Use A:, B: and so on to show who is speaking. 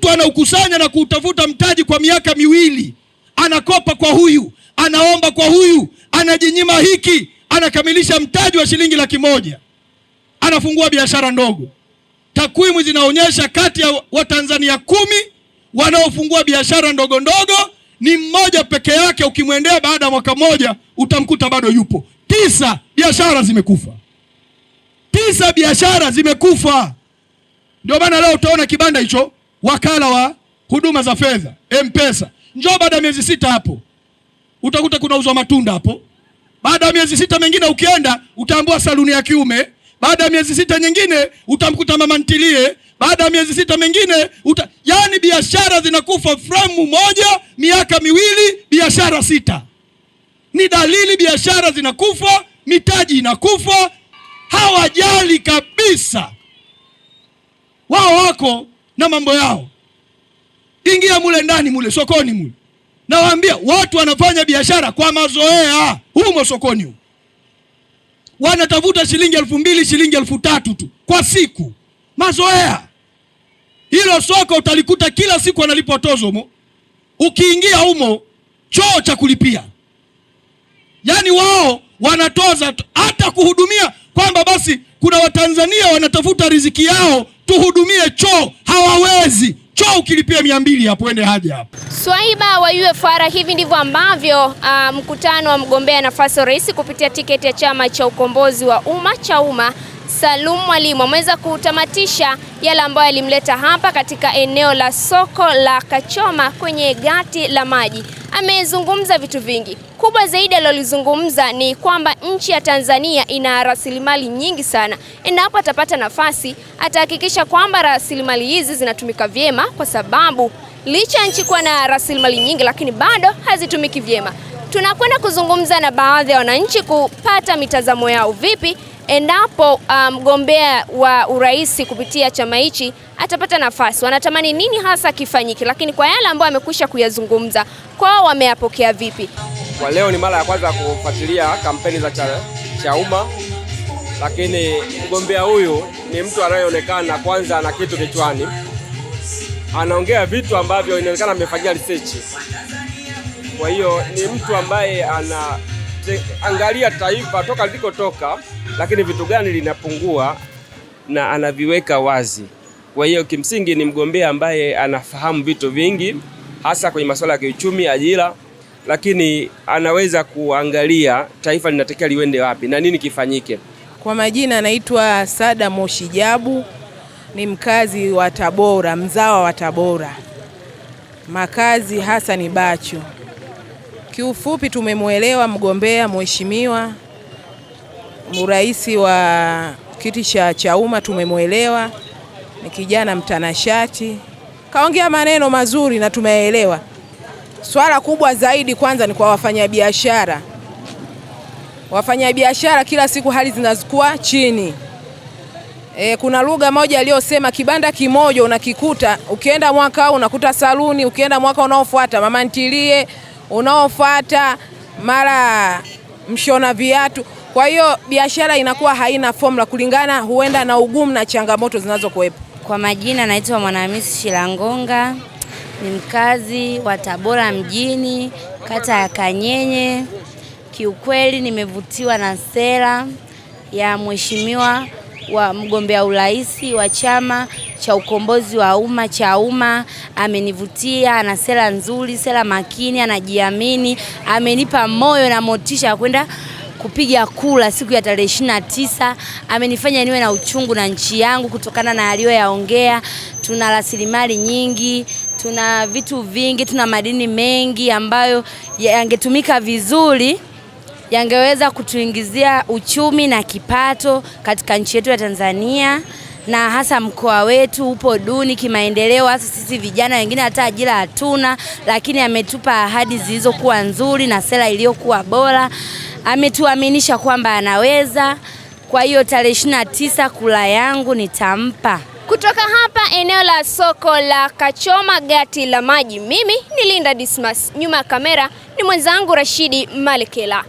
A: mtu anaukusanya na kuutafuta mtaji kwa miaka miwili, anakopa kwa huyu, anaomba kwa huyu, anajinyima hiki, anakamilisha mtaji wa shilingi laki moja, anafungua biashara ndogo. Takwimu zinaonyesha kati ya Watanzania kumi wanaofungua biashara ndogo ndogo ni mmoja peke yake. Ukimwendea baada ya mwaka mmoja utamkuta bado yupo. Tisa biashara zimekufa, tisa biashara zimekufa. Ndio maana leo utaona kibanda hicho wakala wa huduma za fedha M-Pesa, njoo baada ya miezi sita, hapo utakuta kunauzwa matunda hapo. Baada ya miezi sita mengine ukienda utaambua saluni ya kiume. Baada ya miezi sita nyingine utamkuta mama ntilie. Baada ya miezi sita mengine uta... yani biashara zinakufa framu moja, miaka miwili biashara sita. Ni dalili biashara zinakufa, mitaji inakufa. Hawajali kabisa, wao wako na mambo yao. Ingia mule ndani mule sokoni mule, nawaambia watu wanafanya biashara kwa mazoea humo sokoni humo, wanatafuta shilingi elfu mbili shilingi elfu tatu tu kwa siku, mazoea. Hilo soko utalikuta kila siku wanalipa tozo humo, ukiingia humo choo cha kulipia, yaani wao wanatoza hata kuhudumia, kwamba basi kuna Watanzania wanatafuta riziki yao tuhudumie choo, hawawezi choo. Ukilipia mia mbili hapo uende haja hapo.
B: Swaiba wa UFR, hivi ndivyo ambavyo uh, mkutano wa mgombea nafasi ya urais kupitia tiketi ya chama cha ukombozi wa umma umma Salum Mwalimu ameweza kutamatisha yale ambayo yalimleta hapa katika eneo la soko la Kachoma kwenye gati la maji amezungumza vitu vingi. Kubwa zaidi alilozungumza ni kwamba nchi ya Tanzania ina rasilimali nyingi sana. Endapo atapata nafasi, atahakikisha kwamba rasilimali hizi zinatumika vyema, kwa sababu licha ya nchi kuwa na rasilimali nyingi, lakini bado hazitumiki vyema. Tunakwenda kuzungumza na baadhi ya wananchi kupata mitazamo yao, vipi endapo ah, mgombea um, wa urais kupitia chama hichi atapata nafasi, wanatamani nini hasa kifanyike? Lakini kwa yale ambayo amekwisha kuyazungumza, kwao wameyapokea vipi?
C: Kwa leo ni mara ya kwanza kufuatilia kampeni za chaumma lakini mgombea huyu ni mtu anayeonekana kwanza ana kitu kichwani, anaongea vitu ambavyo inaonekana amefanyia research. Kwa hiyo ni mtu ambaye ana angalia taifa toka lilikotoka, lakini vitu gani linapungua na anaviweka wazi. Kwa hiyo kimsingi ni mgombea ambaye anafahamu vitu vingi, hasa kwenye masuala ya kiuchumi, ajira, lakini anaweza kuangalia taifa linatakiwa liwende wapi na nini kifanyike.
D: Kwa majina anaitwa Sada Moshi Jabu, ni mkazi wa Tabora, mzawa wa Tabora, makazi hasa ni Bacho. Kiufupi tumemwelewa mgombea mheshimiwa urais wa kiti cha Chauma, tumemwelewa ni kijana mtanashati, kaongea maneno mazuri na tumeelewa. Swala kubwa zaidi kwanza ni kwa wafanyabiashara. Wafanyabiashara kila siku hali zinazokuwa chini. E, kuna lugha moja aliyosema kibanda kimoja unakikuta, ukienda mwaka unakuta saluni, ukienda mwaka unaofuata mama ntilie unaofuata, mara mshona viatu. Kwa hiyo biashara inakuwa haina formula kulingana, huenda na ugumu na changamoto zinazokuwepo.
E: Kwa majina naitwa Mwanahamisi Shilangonga, ni mkazi wa Tabora mjini, kata ya Kanyenye. Kiukweli nimevutiwa na sera ya mheshimiwa wa mgombea urais wa chama cha ukombozi wa umma cha umma Amenivutia, ana sera nzuri, sera makini, anajiamini, amenipa moyo na motisha ya kwenda kupiga kura siku ya tarehe ishirini na tisa. Amenifanya niwe na uchungu na nchi yangu kutokana na aliyoyaongea. Tuna rasilimali nyingi, tuna vitu vingi, tuna madini mengi ambayo yangetumika vizuri yangeweza kutuingizia uchumi na kipato katika nchi yetu ya Tanzania na hasa mkoa wetu upo duni kimaendeleo, hasa sisi vijana wengine hata ajira hatuna, lakini ametupa ahadi zilizokuwa nzuri na sera iliyokuwa bora. Ametuaminisha kwamba anaweza. Kwa hiyo tarehe ishirini na tisa kula yangu nitampa.
B: Kutoka hapa eneo la soko la Kachoma gati la maji, mimi ni Linda Dismas, nyuma ya kamera ni mwenzangu Rashidi Malekela.